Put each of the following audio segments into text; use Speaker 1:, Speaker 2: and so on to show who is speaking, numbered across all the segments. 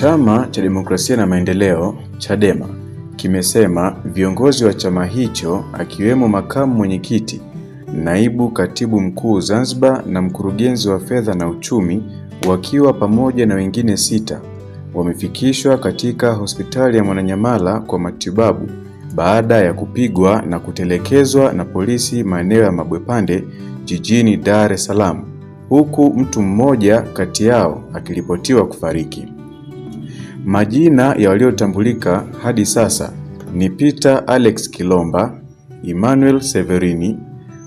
Speaker 1: Chama cha Demokrasia na Maendeleo Chadema kimesema viongozi wa chama hicho akiwemo makamu mwenyekiti, naibu katibu mkuu Zanzibar na mkurugenzi wa fedha na uchumi wakiwa pamoja na wengine sita wamefikishwa katika hospitali ya Mwananyamala kwa matibabu baada ya kupigwa na kutelekezwa na polisi maeneo ya Mabwepande jijini Dar es Salaam, huku mtu mmoja kati yao akiripotiwa kufariki. Majina ya waliotambulika hadi sasa ni Peter Alex Kilomba, Emmanuel Severini,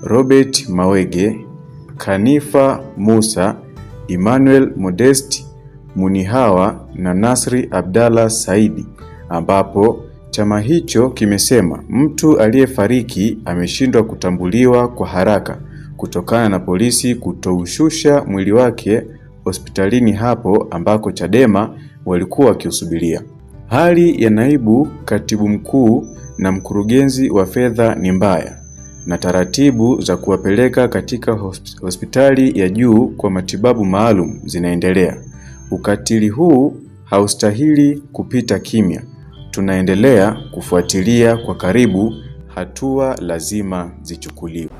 Speaker 1: Robert Mawege, Kanifa Musa, Emmanuel modest Munihawa na Nasri Abdalla Saidi, ambapo chama hicho kimesema mtu aliyefariki ameshindwa kutambuliwa kwa haraka kutokana na polisi kutoushusha mwili wake hospitalini hapo ambako Chadema walikuwa wakiusubiria. Hali ya naibu katibu mkuu na mkurugenzi wa fedha ni mbaya na taratibu za kuwapeleka katika hospitali ya juu kwa matibabu maalum zinaendelea. Ukatili huu haustahili kupita kimya. Tunaendelea kufuatilia kwa karibu, hatua lazima zichukuliwe.